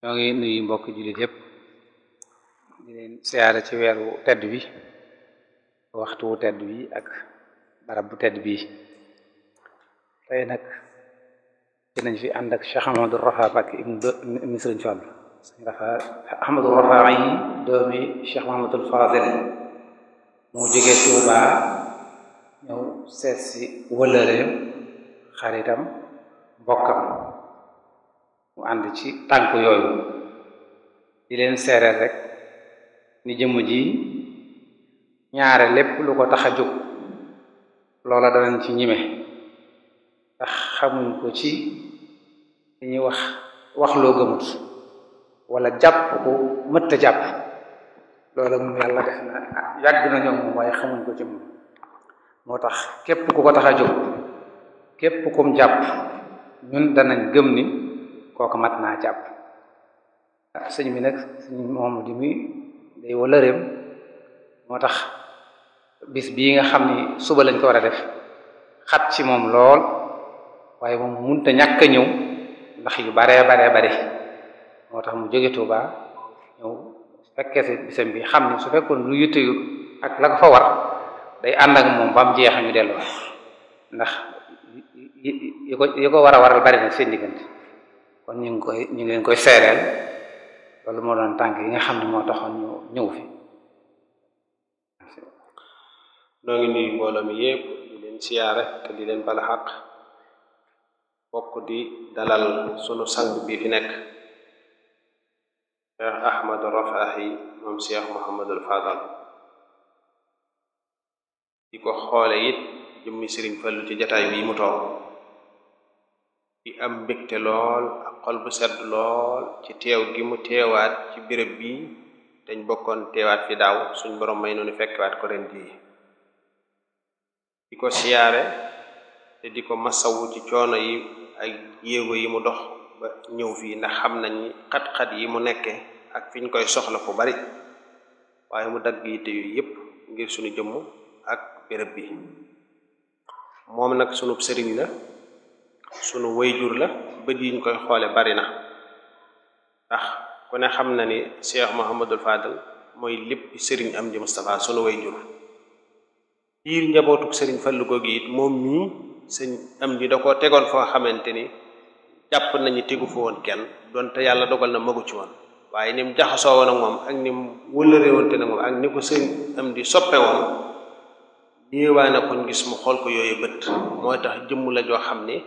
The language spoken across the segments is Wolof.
ñoo ngi nuyu mbokk jullit yépp di leen siyaare ci weeru tedd bi waxtu wu tedd bi ak barab bu tedd bi tey nag dinañ fi ànd ak Cheikh Ahmadou Rafa Mbacké ibnu Sëriñ Fall sëñ Rafa Ahmadou Rafa ay doomi Cheikh Mahamadul Fadel moo jógee Touba ñëw seet si wëlëreem xaritam mbokkam mu ànd ci tànk yooyu di leen seereel rek ni jëmm ji ñaare lépp lu ko tax a jóg loola danañ ci ñime ndax xamuñ ko ci li ñuy wax wax loo gëmut wala jàpp ko mëtta jàpp loola moom yàlla def yàgg na ñoom moom waaye xamuñ ko ci moom moo tax képp ku ko tax a jóg képp kum jàpp ñun danañ gëm ni kooka mat naa jàpp waaw sëñ bi nag sëñ moom di muy day walëreem moo tax bis bii nga xam ni suba lañ ko war a def xat ci moom lool waaye moom ñàkk ñëw ndax yu baree baree bare moo tax mu jóge Tuuba ñëw fekkee si bisam bi xam ni su fekkoon lu la ko fa war day ànd ak moom ba mu jeex ñu delluwaat ndax yi ko yi ko war a waral bari na seen diggante kon ñu ngi koy ñu leen koy seereel loolu moo doon tànk yi nga xam ne moo taxoon ñu ñëw fi noo ngi nuyu mbooloo mi yépp di leen siyaare te di leen bala xaq bokk di dalal sunu sang bi fi nekk cheikh ahmadu rafahi moom cheikh mohamadul fadal di ko xoole it jëmmi sëriñ fallu ci jataay bii mu toog di am mbégte lool ak xol bu sedd lool ci teew gi mu teewaat ci bërëb bi dañ bokkoon teewaat fi daaw suñ borom may noonu fekkewaat ko ren jii di ko siyaare te di ko masawu ci coono yi ay yéego yi mu dox ba ñëw fii ndax xam nañ ni xat-xat yi mu nekkee ak fi ñu koy soxla fu bari waaye mu dagg yitte yooyu yépp ngir suñu jëmm ak béréb bi moom nag sunub sëriñ la sunu jur la bët yi ñu koy xoole bari na ndax ku ne xam na ni Cheikh Mouhamadul Fadal mooy lépp sëriñ am di Moustapha sunu wayjur biir njabootuk sëriñ Fallu googu it moom mii sëñ am di da ko tegoon foo xamante ni jàpp nañu tegu fa woon kenn donte yàlla dogal na magu ci woon waaye ni mu jaxasoo woon ak moom ni mu wëllëree woon te nag moom ak ni ko sëñ am di soppe woon ñëwaa na kon gis mu xool ko yooyu bët moo tax jëmm la joo xam ni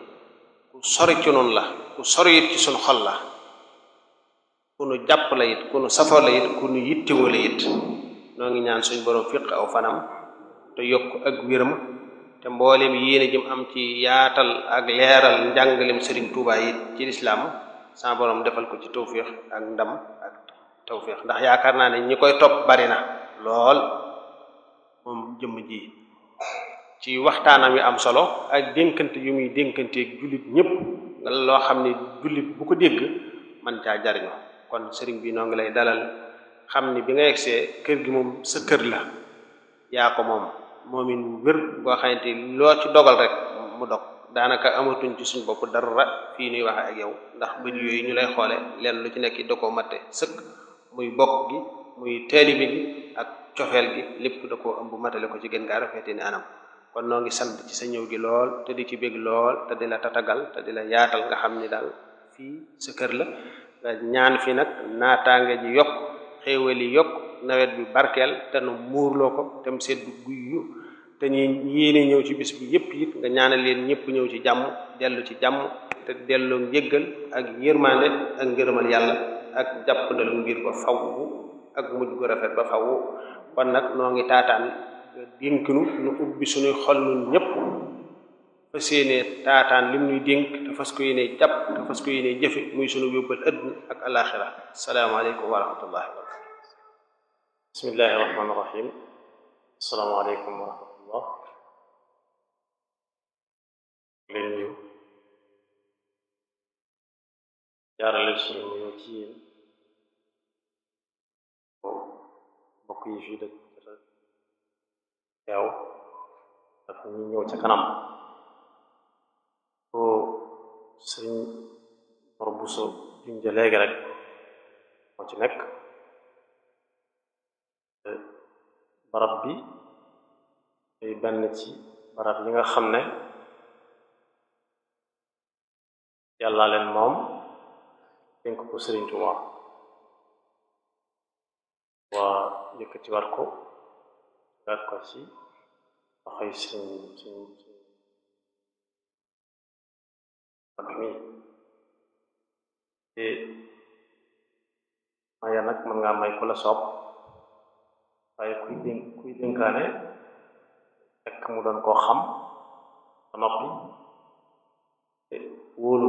ku sori ci nun la ku sori it ci suñ xol la kunu nu jàpp la it kunu nu safoo la it ku nu yittewoo la it noo ñaan suñ borom fiq aw fanam te yokk ak wéram te mboolem yéene jëm am ci yaatal ak leeral njàngalem sëriñ tuubaay yi ci lislaam sa borom defal ko ci tawfiix ak ndam ak tawfiix ndax yaakaar naa ne ñi koy topp bari na lool moom jëmm ji ci waxtaanam wi am solo ak dénkante yu muy dénkanteeg jullit ñëpp nga loo xam ne jullit bu ko dégg man kaa jariño kon sëriñ bi noo ngi lay dalal xam ni bi nga yegsee kër gi moom sa kër la yaa ko moom moomin wér boo xamante loo ci dogal rek mu dog daanaka amatuñ ci suñ bopp dara fii nuy waxe ak yow ndax bët yooyu ñu lay xoole lenn lu ci nekk da koo matte sëkk muy bokk gi muy taalibe gi ak cofeel gi lépp da koo ëmb matale ko ci gën ngaa rafetee anam kon no ngi sant ci sa ñew gi lool te di ci bég lool te di la tatagal te di la yaatal nga xam ni daal fii sa kër la ñaan fi nag naataange ji yokk xéewal yi yokk nawet bi barkeel te nu muurloo ko te mu sedd guyyu te ñi yéene ñëw ci bis bi yépp it nga ñaanal leen ñëpp ñëw ci jàmm dellu ci jàmm te delloo njëggal ak yërmande ak ngërëmal yàlla ak jàpp lu mbir ba faw ak mujj gu rafet ba faw kon nag noo ngi taataan nga dénk nu nu ubbi suñuy xol nun ñépp fas yéenee taataan lim nuy dénk te fas ko yéenee jàpp te fas ko yéenee jëfe muy sunu yóbbal àdduna ak alaxira salaamaaleykum wa rahmatullahi wa barakatu bismillahi rahmaani rahim asalaamaaleykum wa rahmatullah leen ñu jaarale sunu nuyoo ci yéen mbokk yi fii dëkk teew dafa ñuy ñëw ca kanam ko sëriñ Mor Bousso junje léegi rek moo ci nekk barab bi day benn ci barab yi nga xam ne yàlla moom dénk ko sëriñ Tuubaa waa yëkkati war ko laaj ko ci waxay suñ suñ ak mi te maya nag mën ngaa may ku la soob waaye kuy dénk kuy dénkaane fekk mu doon koo xam ba noppi te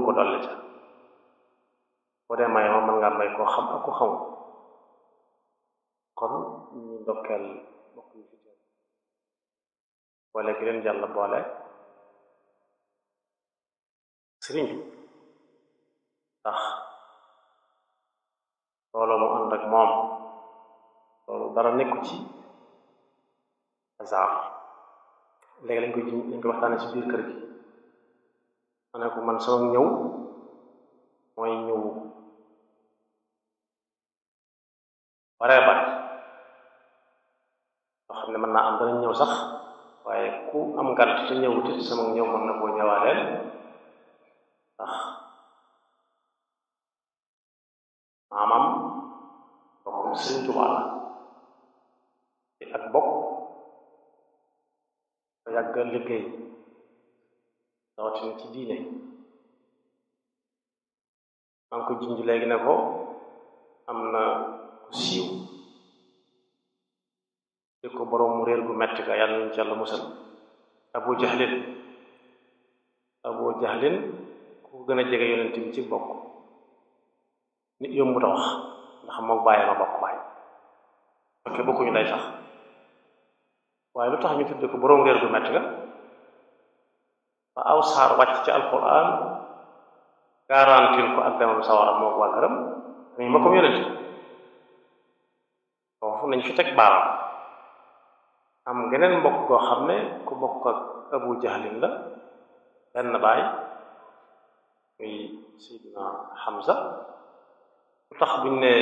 ko dolli ca boo dee maye ma mën may koo xam ak ko xamul kon ñu ndokkeel wala ki leen yàlla boole sëriñ bi ndax loolu mu ànd moom loolu dara nekku ci hasard léegi lañ koy lañ koy biir kër gi ma ne ko man sama ñëw mooy ñëw waree bari loo xam ne mën naa am danañ ñëw sax ku am ngant te ñëwut it sama ñëw mën na koo ñëwaaleel maamam bokkum Sëriñ Tuubaa ak bokk ba yàgg liggéey rawatina ci diine maa ngi ko junj léegi am na ku siiw di ko borom réer gu metti ga yàlla nañu ci musal abu jahlin abu jahlin ku ko gën a jege yonent bi ci bokk nit yombut a wax ndax moom bàyyi ma bokk baay ok bokkuñu lay sax waaye lu tax ñu tudde ko borom ngeer gu metti la ba aw saar wàcc ci alquran garantil ko ak demam sawara moom waa këram dañu ma ko yonent foofu nañ fi teg baaraam am geneen mbokk koo xamne ku mbokk ak abu jahlin la ben bay muy sidina Hamza tax buñ ne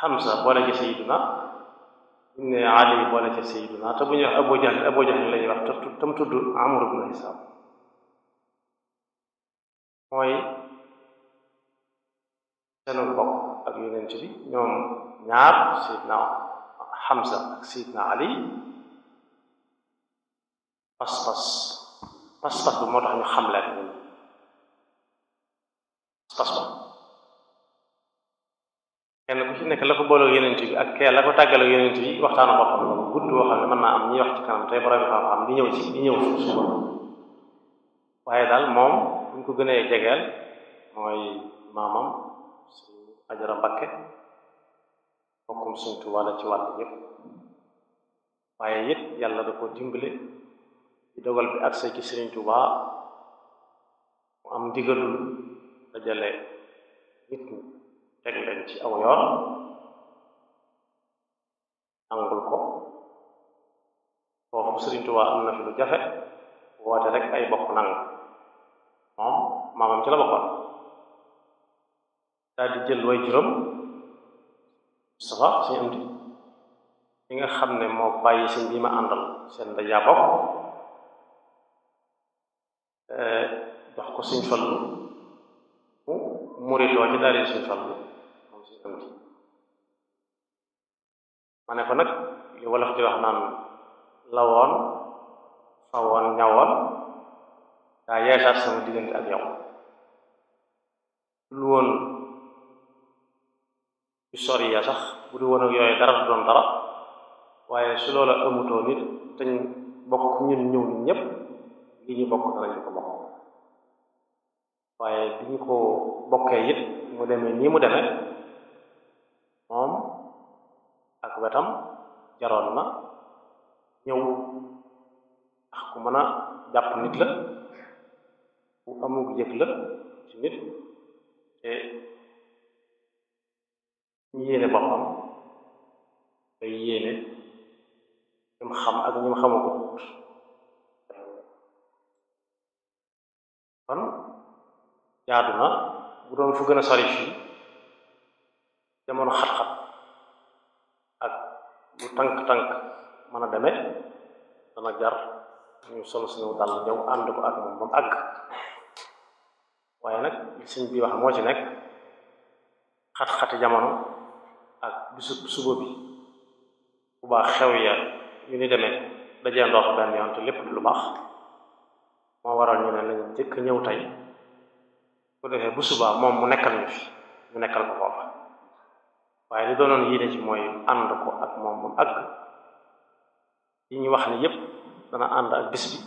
Hamza wala ci sidina buñ ne Ali wala ci sidina ta bu ñuy wax abu jahl abu jahl lay wax tam tuddu Amr ibn Hisam moy seenu bok ak yeneen ci ñom ñaar sidina حمزة سيدنا علي بسبس بسبس بمرة من حملة يعني بسبس كان لك هناك لك بولو يننتي اك لاكو تاغالو يننتي وقتانا بوكم غود و خا من ام ني وقت كانم تاي بروي خا خا دي نيو سي دي نيو سو دال موم نكو غنيي جيغال موي مامام سي اجرا bokkum Sëñ Tuubaa la ci wàll yépp waaye it yàlla da ko dimbale ci dogal bi agse ci Sëriñ Tuubaa am ndigalul dajale nit ñi teg leen ci aw yoon angul ko foofu Sëriñ am na fi lu jafe woote rek ay bokk nangu moom maamam ci la bokkoon di jël way juróom Moustapha si am di ki nga xam ne moo bàyyi si bi ma àndal seen ndajaa bokk eh, jox ko suñ fallu mu muriloo ci daal suñ si am di ma ne ko nag li wolof di wax naan lawoon fawoon ñawoon daa yeesaat sama diggante ak yow lu woon yu sori ya sax bu du woon yooyu dara du doon dara waaye su loola te ñu bokk ñun ñëw ñun ñëpp ñu bokk danañu ko bokk waaye bi ñu ko bokkee it mu demee nii mu demee moom ak wetam jaroon na ñëw ndax ku mën a jàpp nit la ku amug yëg la ci nit te yéene boppam day yéene ñum xam ak ñum xamagut kon jaadu na bu doon fu gën a sori fii jamono xat-xat ak bu tànk-tànk mën a deme dana jar ñu solo suñu dal ñëw ànd ko ak moom ba mu waaye nag li sëñ bi wax moo ci nekk xat-xati jamono bisub suba bi bu baax xew ya yu ni demee dajee ndox benn yoon lépp lu baax moo waral ñu ne nañ jëkk ñëw tey bu defee bu subaa moom mu nekkal ñu fi ñu nekkal ko foofa waaye li doonoon yéene ci mooy ànd ko ak moom moom àgg yi ñu wax ne yépp dana ànd ak bis bi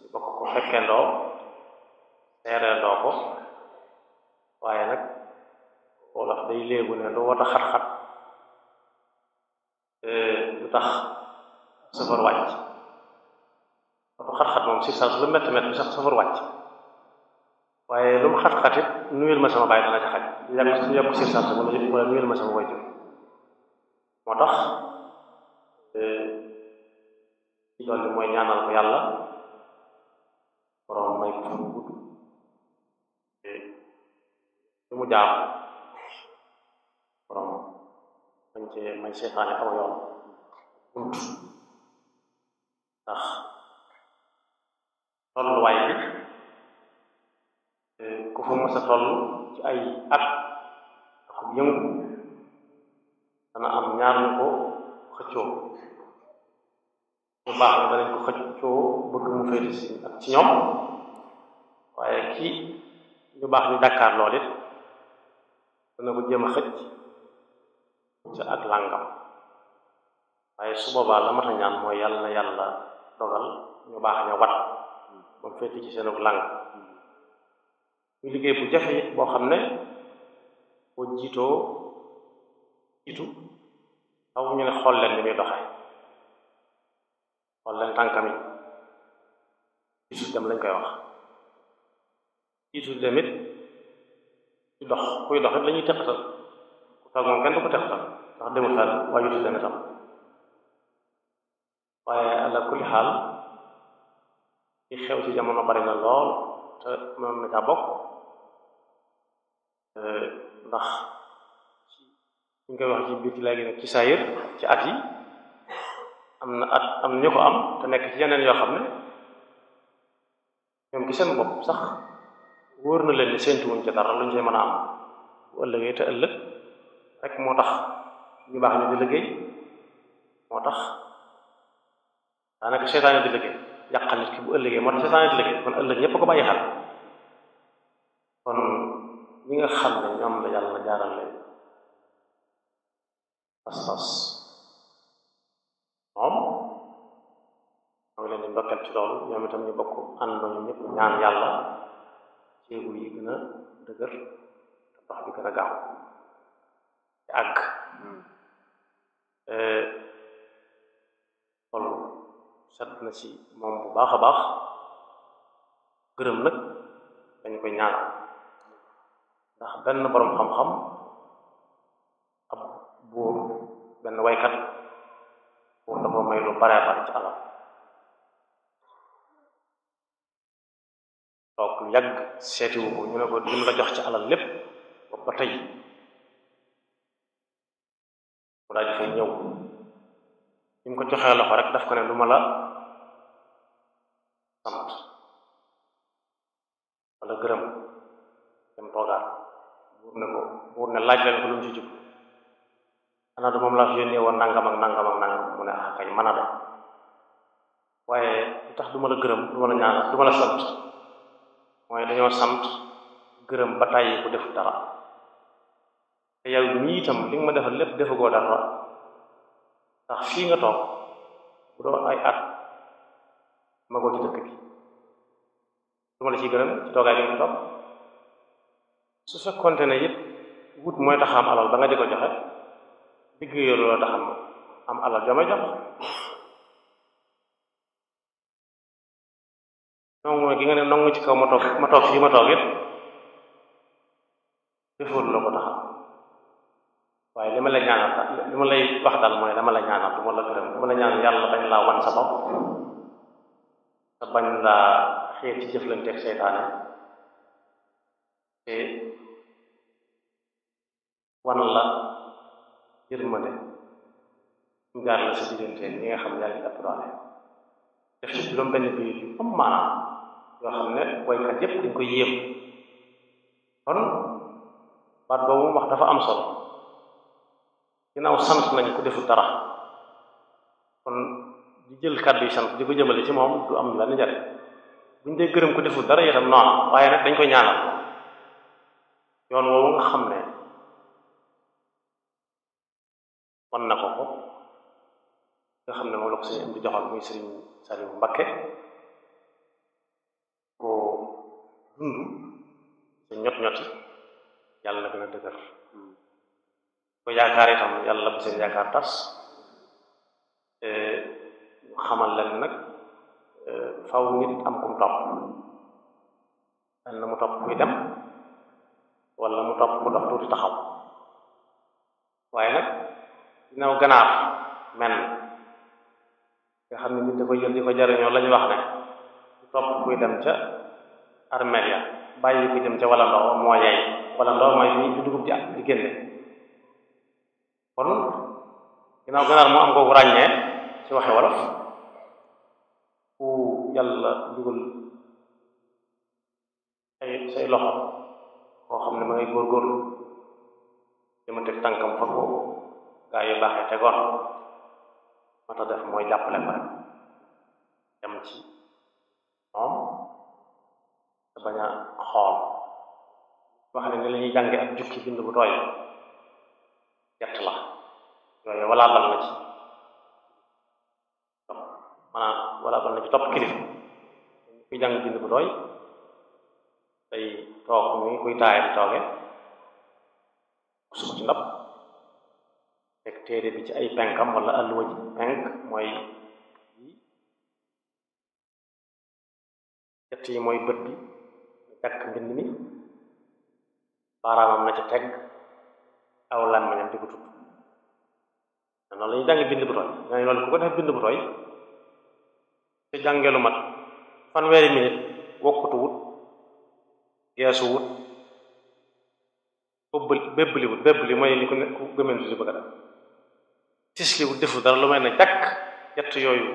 ñu bokk ko fekkee ndoo seeree ndoo ko waaye nag wolof day léegu ne lu wat a xat-xat يطخ صفر وات فخر خد مم سيسا ظلم تمت مسخ صفر وات وهي لم خد خد نويل مسما بعيد الله تخد إذا مسخ يبقى سيسا ظلم يجب نويل مسما بعيد مطخ إيه، إذا لم ينعن الله يلا ورغم ما te may seetaane aw yoon bunt ndax tolluwaay bi eh, ku fa a toll ci ay at ak yëngu dana am ñaar ñu ko xëccoo bu baax la danañ ko xëccoo bëgg mu féete si ak ci ñoom waaye kii ñu baax ñu Dakar lool dana ko jéem a xëcc ca ak làngam waaye su boobaa la mat a ñaan mooy yalla yalla yàlla dogal ñu baax ña wat ba féete ci seen ak làng muy liggéey bu jafe it boo xam ne boo jiitoo jiitu taw ñu ne xool leen ni muy doxee xool leen tànkam yi jiitu dem lañ koy wax jiitu dem it ci dox kuy dox it la ñuy teqatal kooku moom kenn du ko tax sax ndax demul xel waajur si dana tax xaal li xew ci jamono bari na lool te moom na caa bokk ndax ñu ngi koy wax ci biir ci léegi nag ci saayir ci at yi am na at am ko am te nekk ci yeneen yoo xam ne ñoom ci seen bopp sax wóor na leen ni séntu wuñ ca dara luñ cay mën a am bu ëllëgee te ëllëg rek moo tax ñu baax ñu di liggéey moo tax daanaka seytaane di liggéey yàqal nit ki bu ëllëgee moo tax seytaane di liggéey kon ëllëg ñépp ko bàyyi xel kon ñi nga xam ne ñoom la yàlla jaaral leen pas moom maa ngi leen di ndokkeel ci loolu ñoom itam ñu bokk àndoo ñu ñëpp ñaan yàlla jéego yi gën a dëgër te dox bi gën a gaaw àgg kon mm. euh, sant na si moom bu baax a baax gërëm nag dañu koy ñaanal ndax benn borom xam-xam ab buur benn waykat buur dafa may lu bare bare ci alal toog seetiwu ñu ne ko li mu jox ci lépp ba ba tey daaj fa ñëw bi ko joxee loxo rek daf ko ne lu ma la sant wala gërëm dem toogaat ne ko buur ne laaj leen ko lu mu ci jub xanaa du moom laa fi yónnee woon nangam ak nangam ak nangam mu ne ah kay mën waaye lu tax du ma la gërëm du ma la ñaan du la sant mooy dañoo sant gërëm ba tàyyi ko def dara te yow mii li nga ma defal lépp defagoo dara ndax fii nga toog bu ay at magoo ci bi su ma la ciy gërëm ci toogaay bi nga toog su fekkonte ne yëpp wut mooy tax am alal ba nga di ko joxe liggéeyoo loola tax am alal jama jox nongu gi nga ne nongu ci kaw ma toog ma toog fii ma toog it defoon la ko taxam li ma la ñaanal lay wax daal mooy dama la ñaanal du la bañ laa wan sa bopp bañ laa xëy ci jëflanteeg seytaane wan la yërmande njaar la si diggante ñi nga xam ne yàlla ëpp doole def ci juróom benn bi yu am maanaam yoo xam ne waykat yépp dañ ko yéem kon baat boobu wax dafa am solo ginnaaw sant nañ ku deful dara kon di jël kàddu yi sant di ko jëmale ci moom du am lan njariñ bu ñu dee gërëm ku deful dara itam noonu waaye nag dañ koy ñaanal yoon woowu nga xam ne wan na ko ko nga xam ne moom la ko suñu am di joxoon muy Sëriñ Saliou Mbakke ko dund sa ñot ñoti yàlla na gën dëgër ko yaakaar itam yàlla bu seen yaakaar tas xamal leen nag e, faw nit am ku mu topp mel na mu topp kuy dem wala mu topp ku dox tuuti taxaw waaye nag dinaw ganaar men nga xam ne ko jël la ñu wax ne topp kuy dem ca armeel ya bàyyi kuy dem ca wala ndoo moo yey wala ndoo mooy fi dugub ji ak di génne ginnaaw ganaar moo am kooku ràññee ci waxe wolof ku yàlla dugal ay say loxo koo xam ne ma ngay góorgóorlu dama teg tànkam fa ko gaa yu baax tegoon ma tax def mooy jàppale ko rek dem ci moom te bañ a xool wax ne ni la jànge ak jukki bind bu tooy gett la yooyu walaabal na ci top ci topp kilifa kuy jàng bind bu doy tey toog mi kuy taaye di tooge suma ci ndab teg téere bi ci ay penkam wala alluwa ji penk mooy yi mooy bët bi jàkk mbind mi baaraamam na ca teg aw lan mañam di ko noonu la ñuy jànge bind bu tooy nga ne loolu ko ko def bind bu tooy te jànge lu mat fanweeri minute wokkutu wut geesu wut bëbbal bébbali wut bébbali mooy li ko ne ku si bëgg a def defu dara lu may na jàkk yett yooyu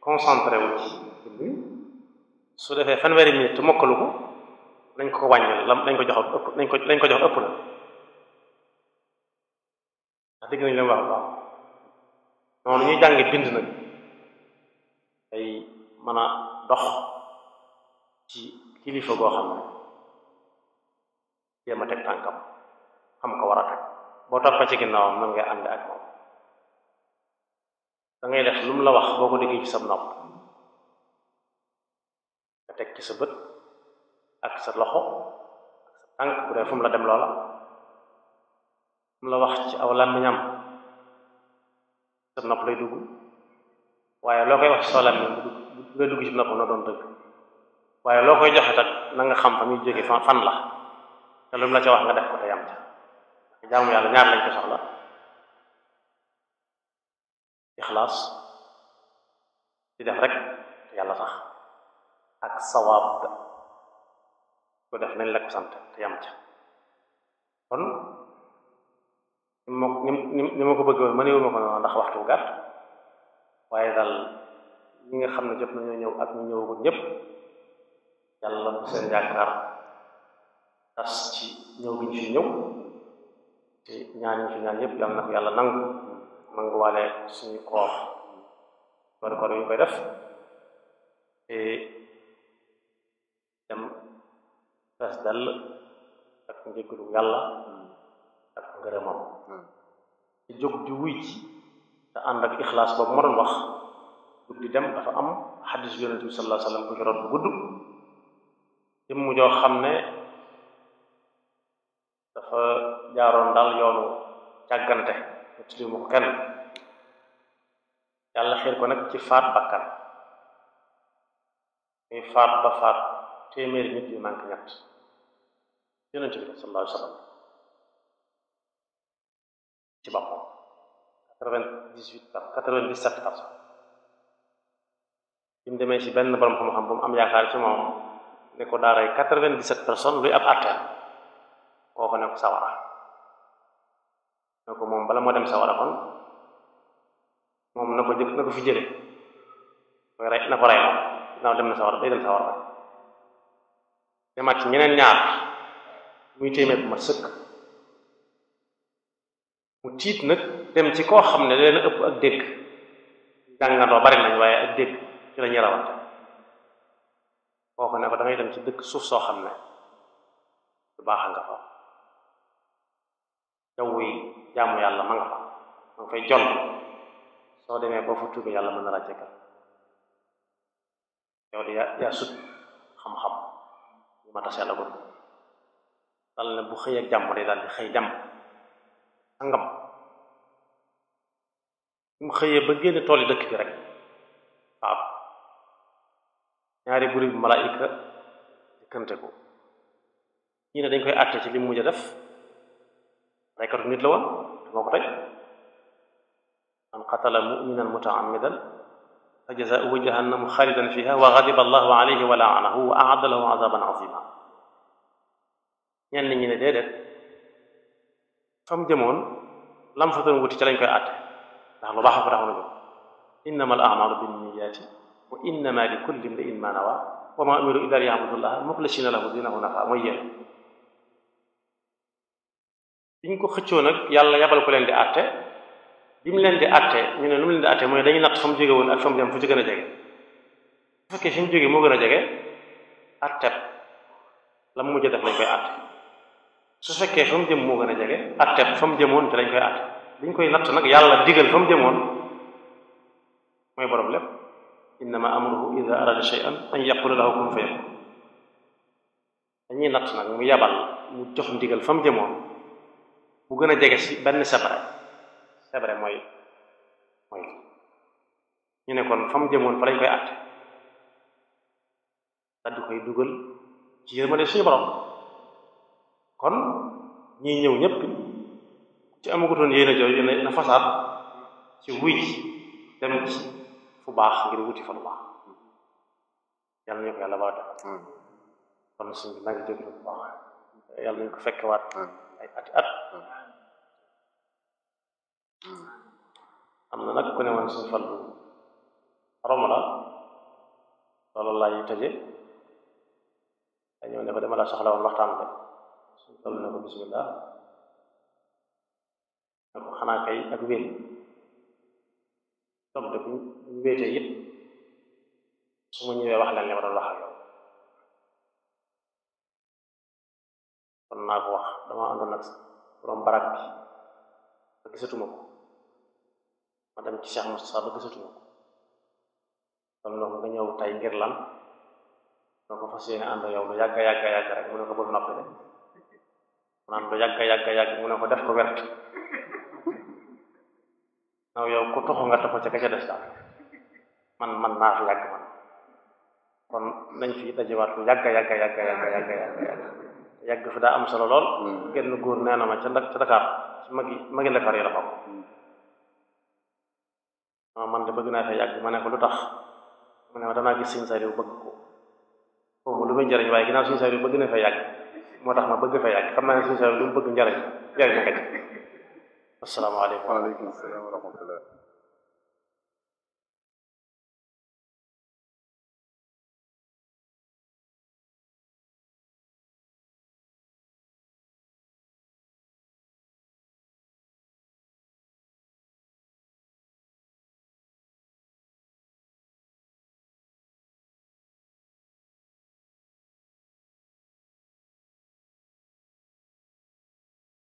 concentré su defee fanweeri minute te mokkalu ko nañ ko ko wàññil lam nañ ko jox ëpp nañ ko nañ ko jox ëpp la dégg nañu leen wax baax noonu ñuy jàngi bind nag day mën a dox ci kilifa goo xam ne jéem a teg tànkam xam ko war a teg boo topp ci ginnaawam nan ngay ànd ak moom da ngay lu mu la wax boo ko déggee ci sa nopp nga teg ci sa bët ak sa loxo ak sa tànk bu dee fu la dem loola mu la wax ci aw làmmiñam sa nopp lay dugg waaye loo koy wax ci sa làmmiñ nga ci nopp na doon dëgg waaye loo koy joxe tak na nga xam fa muy jóge fan la te lu la ca wax nga def ko te yam ci jaamu def rek yàlla sax ak sawaab ko def nañ la ko sant te yam ca kon ma ni ma ko bëggoon mënewu ma ko noonu ndax waxtu gàtt waaye daal ñi nga xam ne jot nañoo ñëw ak ñu ñëwagul ñëpp yàlla bu ñëw bi ñu fi ñëw te ñaan yëpp yàlla na ko yàlla nangu nanguwaale suñu koor war koor yu koy def te dem fees dell ak njëggalu yàlla ngërëmam ci hmm. jóg di wuy ci te ànd ak ixlaas boobu ma doon wax jóg dem dafa am xadis bi yonente bi sallallahu alayhi wa root bu gudd jëmm joo xam ne dafa jaaroon daal yoonu càggante ci mu kenn yàlla xiir ko nag ci faat bakkan muy faat ba faat téeméeri nit yu manque ñett yonente bi sallallahu alayhi ci boppam quatre-vingt-dix-huit par vingt dix sept par cent demee ci benn borom xam-xam bu am yaakaar ci moom ne ko daaray quatre-vingt-dix-sept personnes luy ab àtteen kooku ne ko sawara ne ko moom bala moo dem sawara kon moom na ko jëf na ko fi jële koy rey na ko rey moom naaw dem na sawara day dem sawara demaat ci ñeneen ñaar muy téeméer bu ma sëkk mu tiit nag dem ci koo xam ne leen ëpp ak dégg jàngandoo bari nañ waaye ak dégg ci la rawante kooku ne ko da dem ci dëkk suuf soo xam ne lu baax nga fa jaww jaamu yàlla ma nga fa ma fay jol soo demee ba fu tuubi yàlla mën na la jëkkal yow de yaa sut xam-xam ma tas yàlla bu dal na bu xëy ak jàmm day daal di xëy jàmm sangam mu xeye ba génn toli dëkk bi rek wa ñaari buri malaika malaayika ko ñii ne dañ koy àtte ci limu mujja mujj a def reykatu nit la won moko ko an qatala muminan muta'ammidan fa jazaauhu jahannamu xaalidan fiha wa gadiba allahu alayhi wa laanahu wa aada lahu azaban azima ñenn ñi ne fam jëmoon lam fa doon wuti ca lañ koy àtte ndax lu baax a ko taxoon a jóg innama al amalu binniyaati wa innama li kulli imri'in ma nawa wa ma umiru illa liyabudullaha muxlisina lahu dinahu nafa mooy yéen biñ ko xëccoo nag yàlla yabal ko leen di àtte bi mu leen di àtte ñu ne nu mu leen di àtte mooy dañuy natt fa mu jóge woon ak fa mu fu ci gën a jege bu fekkee fi mu moo gën a jege àtte la mu mujj def lañ koy àtte su fekkee fa mu jëm moo gën a jege atteeb fa mu jëmoon te lañ koy atte liñ koy natt nag yàlla digal fa mu jëmoon mooy borom ma innama amruhu ida arada shay'an an yaqula lahu kun fayakun dañuy natt nag mu yabal mu jox ndigal fa mu jëmoon mu gën a jege si benn sebre sebre mooy mooy ñu ne kon fa mu jëmoon fa lañ koy atte daal koy dugal ci yërmande suñu borom kon ñii ñëw ñëpp ci amagutoon yéen a jooju na na fasaat ci wuy dem fu baax ngir wuti fa baax yàlla ñu ko bu baax yàlla nañu ko fekkewaat ay ati at am na nag ku ne woon suñu fàllu rom la loolu laay tëje dañoo ne ko dama soxla woon waxtaan bi suñu toll ne ko bismillah ne ko xanaa kay ak wéet toog de bu wéetee it su ma ñëwee wax leen li ma yow kon naa ko wax dama àndoon nag borom barak ma dem ci Cheikh Moustapha ba gisatuma ko kon loolu nga ñëw tey ngir lan doo ko fas yéene ànd yow lu yàgga yàgga yàgga rek mu ne ko bëgg noppi de naan ko yàgg yàgg yàgg mu ne ko def ko wert naw yow ku toxu nga toxu ca ka ca des daal man man naa fi yàgg man kon nañ fi yàgg yàgg daa am solo lool mm. genn góor nee na ma ca ndak ca Dakar ci magi magi lefar yi la bokk mm. ma man de bëgg naa fa yàgg ma ne lu tax mu ne ma danaa gis Sëñ Saliou bëgg ko foofu lu muy njëriñ waaye ginnaaw Sëñ Saliou bëgg na fa yàgg moo tax ma bëgg fa yàgg xam naa ne suñu sa lu mu bëgg njariñ njariñ na ka ci asalaamaaleykum waaleykum salaam wa rahmatullah